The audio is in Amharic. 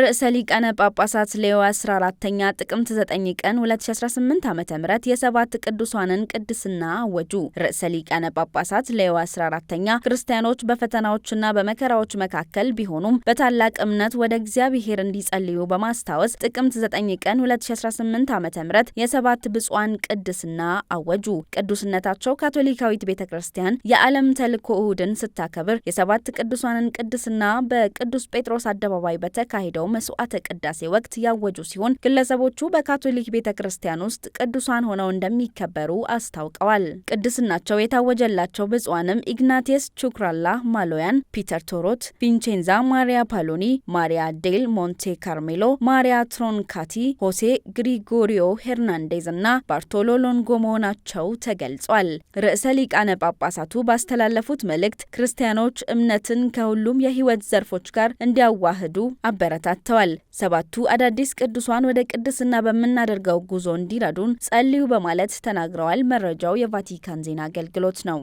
ርዕሰ ሊቃነ ጳጳሳት ሌዮ 14 ተኛ ጥቅምት 9 ቀን 2018 ዓ ም የሰባት ቅዱሳንን ቅድስና አወጁ። ርዕሰ ሊቃነ ጳጳሳት ሌዮ 14ኛ ክርስቲያኖች በፈተናዎችና በመከራዎች መካከል ቢሆኑም በታላቅ እምነት ወደ እግዚአብሔር እንዲጸልዩ በማስታወስ ጥቅምት 9 ቀን 2018 ዓ ም የሰባት ብፁዓን ቅድስና አወጁ። ቅዱስነታቸው ካቶሊካዊት ቤተ ክርስቲያን የዓለም ተልእኮ እሁድን ስታከብር የሰባት ቅዱሳንን ቅድስና በቅዱስ ጴጥሮስ አደባባይ በተካሄደው በተካሄደው መስዋዕተ ቅዳሴ ወቅት ያወጁ ሲሆን ግለሰቦቹ በካቶሊክ ቤተ ክርስቲያን ውስጥ ቅዱሳን ሆነው እንደሚከበሩ አስታውቀዋል። ቅድስናቸው የታወጀላቸው ብፁዓንም ኢግናቴስ ቹክራላ ማሎያን፣ ፒተር ቶሮት፣ ቪንቼንዛ ማሪያ ፓሎኒ፣ ማሪያ ዴል ሞንቴ ካርሜሎ፣ ማሪያ ትሮንካቲ፣ ሆሴ ግሪጎሪዮ ሄርናንዴዝ እና ባርቶሎ ሎንጎ መሆናቸው ተገልጿል። ርዕሰ ሊቃነ ጳጳሳቱ ባስተላለፉት መልእክት ክርስቲያኖች እምነትን ከሁሉም የሕይወት ዘርፎች ጋር እንዲያዋህዱ አበረታ አበረታተዋል። ሰባቱ አዳዲስ ቅዱሳን ወደ ቅድስና በምናደርገው ጉዞ እንዲረዱን ጸልዩ በማለት ተናግረዋል። መረጃው የቫቲካን ዜና አገልግሎት ነው።